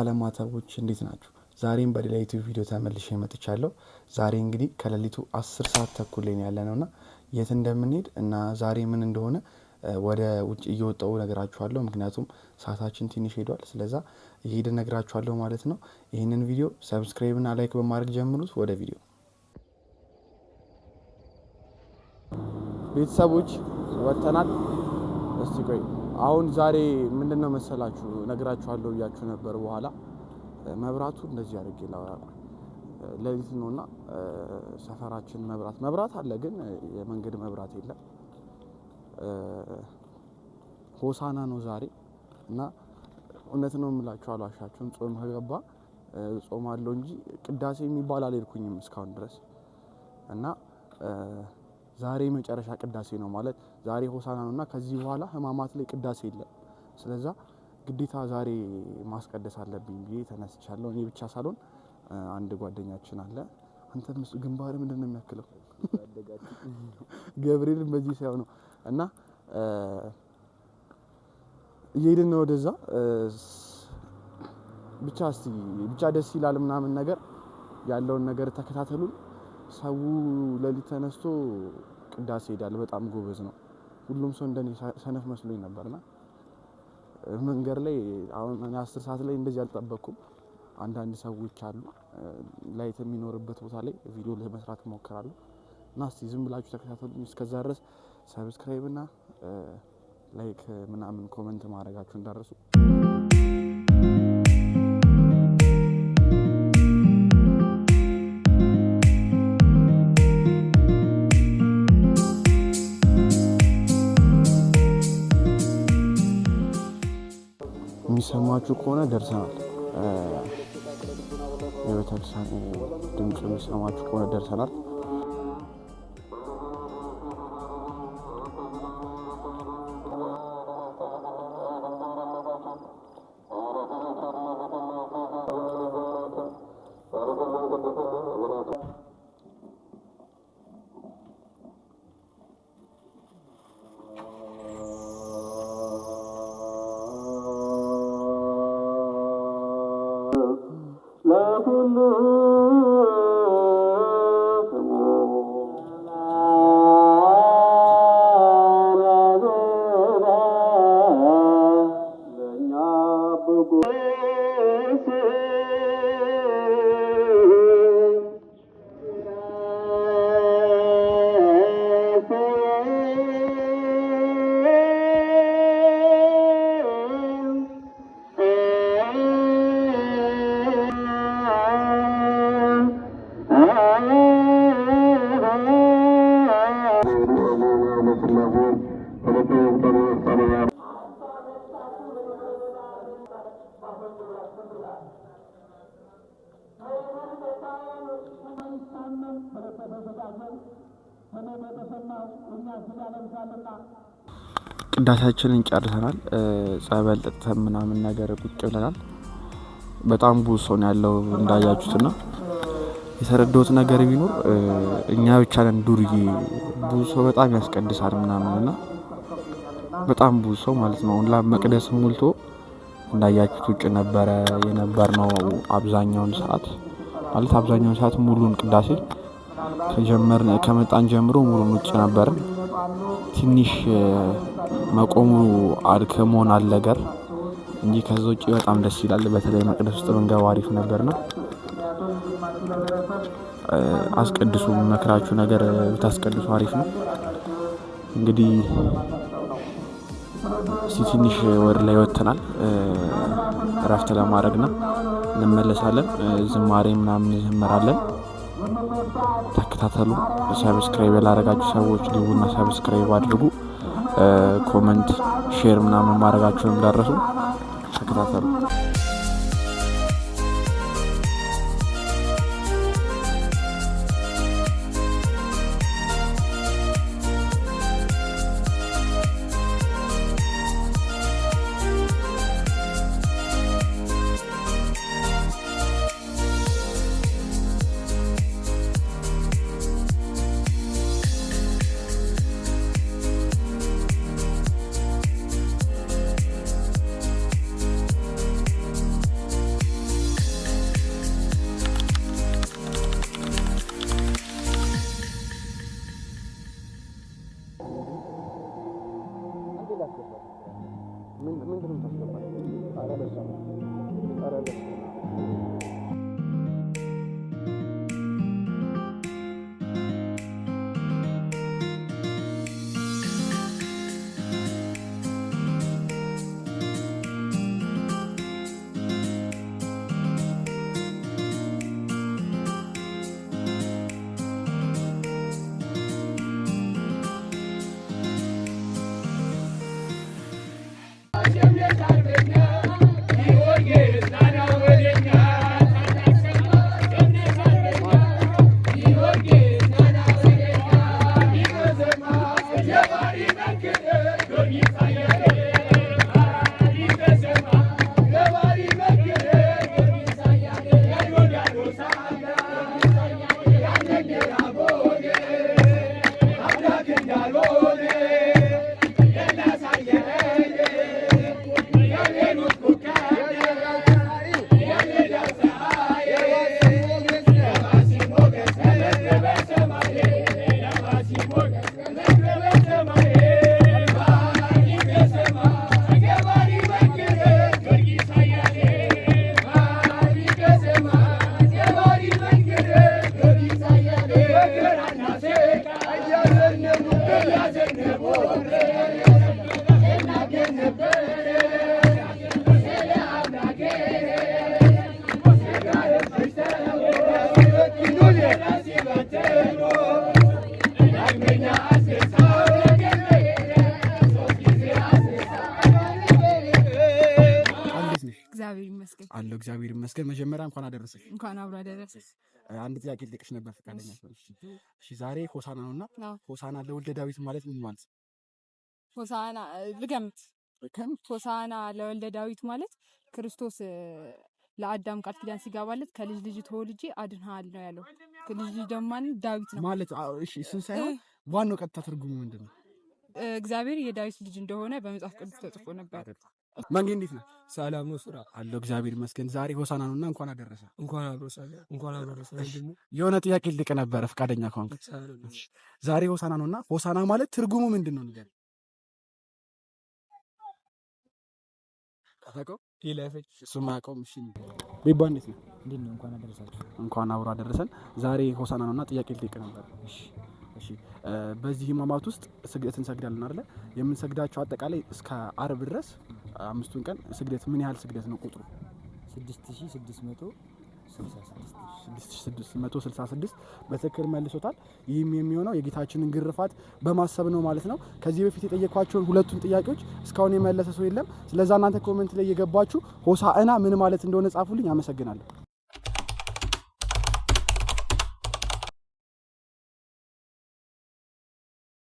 ባለማተቦች እንዴት ናችሁ? ዛሬም በሌላ ዩቲዩብ ቪዲዮ ተመልሼ መጥቻለሁ። ዛሬ እንግዲህ ከሌሊቱ አስር ሰዓት ተኩል ላይ ያለ ነው ና የት እንደምንሄድ እና ዛሬ ምን እንደሆነ ወደ ውጭ እየወጣው ነገራችኋለሁ ምክንያቱም ሰዓታችን ትንሽ ሄዷል። ስለዛ እየሄደ ነገራችኋለሁ ማለት ነው። ይህንን ቪዲዮ ና ላይክ በማድረግ ጀምሩት። ወደ ቪዲዮ ቤተሰቦች ወጥተናል። እስቲ ቆይ አሁን ዛሬ ምንድን ነው መሰላችሁ ነግራችኋለሁ ብያችሁ ነበር። በኋላ መብራቱ እንደዚህ አድርጌ ላወራቁ ሌሊት ነው እና ሰፈራችን መብራት መብራት አለ፣ ግን የመንገድ መብራት የለም። ሆሳና ነው ዛሬ እና እውነት ነው የምላችሁ አልዋሻችሁም። ጾም ከገባ ጾም አለው እንጂ ቅዳሴ የሚባል አልሄድኩኝም እስካሁን ድረስ እና ዛሬ መጨረሻ ቅዳሴ ነው ማለት ዛሬ ሆሳና ነው እና ከዚህ በኋላ ህማማት ላይ ቅዳሴ የለም። ስለዛ ግዴታ ዛሬ ማስቀደስ አለብኝ ብዬ ተነስቻለሁ። እኔ ብቻ ሳልሆን አንድ ጓደኛችን አለ። አንተ ምስ ግንባር ምንድን ነው የሚያክለው? ገብርኤልን በዚህ ሳይሆን ነው እና እየሄድን ነው ወደዛ። ብቻ እስቲ ብቻ ደስ ይላል ምናምን ነገር ያለውን ነገር ተከታተሉን። ሰው ሌሊት ተነስቶ ቅዳሴ ይሄዳል። በጣም ጎበዝ ነው። ሁሉም ሰው እንደኔ ሰነፍ መስሎኝ ነበርና መንገድ ላይ አሁን አስር ሰዓት ላይ እንደዚህ አልጠበቅኩም። አንዳንድ ሰዎች አሉ ላይት የሚኖርበት ቦታ ላይ ቪዲዮ ለመስራት እሞክራለሁ እና እስቲ ዝም ብላችሁ ተከታተሉኝ። እስከዛ ድረስ ሰብስክራይብ እና ላይክ ምናምን ኮመንት ማድረጋችሁ እንዳረሱ አይታችሁ ከሆነ ደርሰናል። የቤተክርስቲያን ድምፅ የሚሰማችሁ ከሆነ ደርሰናል። ሳመን ቅዳሴያችንን ጨርሰናል። ጸበል ጥጥተን ምናምን ነገር ቁጭ ብለናል። በጣም ብዙ ሰው ያለው ያለው ና የተረዳሁት ነገር ቢኖር እኛ ብቻ ነን ዱርዬ፣ ብዙ ሰው በጣም ያስቀድሳል ምናምን እና በጣም ብዙ ሰው ማለት ነው ላ መቅደስ ሙልቶ። እንዳያችሁት ውጭ ነበረ የነበር ነው። አብዛኛውን ሰዓት ማለት አብዛኛውን ሰዓት ሙሉን ቅዳሴ ከጀመርን ከመጣን ጀምሮ ሙሉን ውጭ ነበርን። ትንሽ መቆሙ አድክሞን አለገር እንጂ ከዛ ውጭ በጣም ደስ ይላል። በተለይ መቅደስ ውስጥ ብንገባ አሪፍ ነበር ነው። አስቀድሱ መክራችሁ ነገር ብታስቀድሱ አሪፍ ነው እንግዲህ እስቲ ትንሽ ወደ ላይ ወጥተናል እረፍት ለማድረግ ነው። እንመለሳለን። ዝማሬ ምናምን እንዘምራለን። ተከታተሉ። ሰብስክራይብ ያላረጋችሁ ሰዎች ግቡና ሰብስክራይብ አድርጉ። ኮመንት፣ ሼር ምናምን ማድረጋችሁን እንዳረሱ ተከታተሉ። ምን ምን Thank you. አለው። እግዚአብሔር ይመስገን። መጀመሪያ እንኳን አደረሰሽ። እንኳን አብሮ አደረሰሽ። አንድ ጥያቄ ልጠቅሽ ነበር ፈቃደኛ እሺ? ዛሬ ሆሳና ነው እና ሆሳና ለወልደ ዳዊት ማለት ምን ማለት ነው? ሆሳና ልገምት። ሆሳና ለወልደ ዳዊት ማለት ክርስቶስ ለአዳም ቃል ኪዳን ሲገባለት ከልጅ ልጅ ተወልጄ አድንሃል ነው ያለው። ልጅ ልጅ ደግሞ ዳዊት ነው ማለት እሺ። እሱን ሳይሆን ዋናው ቀጥታ ትርጉሙ ምንድን ነው? እግዚአብሔር የዳዊት ልጅ እንደሆነ በመጽሐፍ ቅዱስ ተጽፎ ነበር። መንጌ እንዴት ነው? ሰላም ነው? ስራ አለው? እግዚአብሔር ይመስገን። ዛሬ ሆሳና ነውና እንኳን አደረሰ። እንኳን አደረሰ። እንኳን አደረሰ። የሆነ ጥያቄ ልቅ ነበረ ፈቃደኛ ከሆንክ ዛሬ ሆሳና ነውና ሆሳና ማለት ትርጉሙ ምንድን ነው ንገረኝ። ቤባ እንዴት ነው? እንኳን አደረሳችሁ። እንኳን አብሮ አደረሰን። ዛሬ ሆሳና ነውና ጥያቄ ልቅ እሺ፣ በዚህ ህማማት ውስጥ ስግደት እንሰግዳለን አይደለ? የምንሰግዳቸው አጠቃላይ እስከ አርብ ድረስ አምስቱን ቀን ስግደት ምን ያህል ስግደት ነው ቁጥሩ? 6666 በትክክል መልሶታል። ይህም የሚሆነው የጌታችንን ግርፋት በማሰብ ነው ማለት ነው። ከዚህ በፊት የጠየኳቸውን ሁለቱን ጥያቄዎች እስካሁን የመለሰ ሰው የለም። ስለዛ እናንተ ኮሜንት ላይ እየገባችሁ ሆሳዕና ምን ማለት እንደሆነ ጻፉልኝ። አመሰግናለሁ።